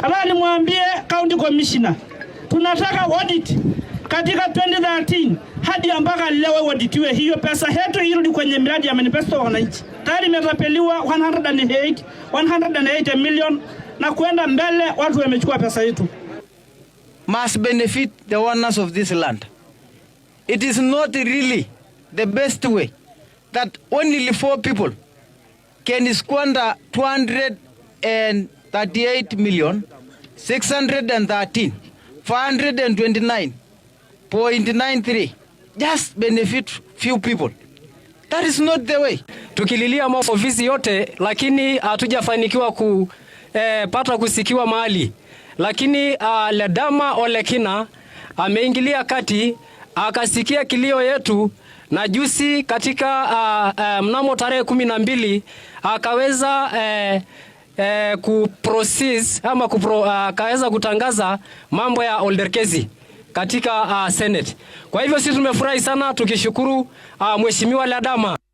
Hapa nimwambie county commissioner, tunataka audit katika 2013 hadi mpaka leo auditiwe hiyo pesa yetu irudi kwenye miradi ya manifesto ya wananchi. Tayari imetapeliwa 108 108 million na kwenda mbele, watu wamechukua pesa yetu. Must benefit the owners of this land. It is not really the best way that only four people can squander 200 and 38 million 613 429.93 just benefit few people. That is not the way. Tukililia maofisi yote lakini ah, hatujafanikiwa ku eh, pata kusikiwa mahali, lakini uh, ah, Ledama Olekina ameingilia kati akasikia kilio yetu na jusi katika uh, uh, mnamo tarehe kumi na mbili akaweza uh, eh, kuprocess ama kupro, uh, ah, kaweza kutangaza mambo ya Olderkesi katika uh, Senate. Kwa hivyo sisi tumefurahi sana tukishukuru uh, Mheshimiwa Ladama.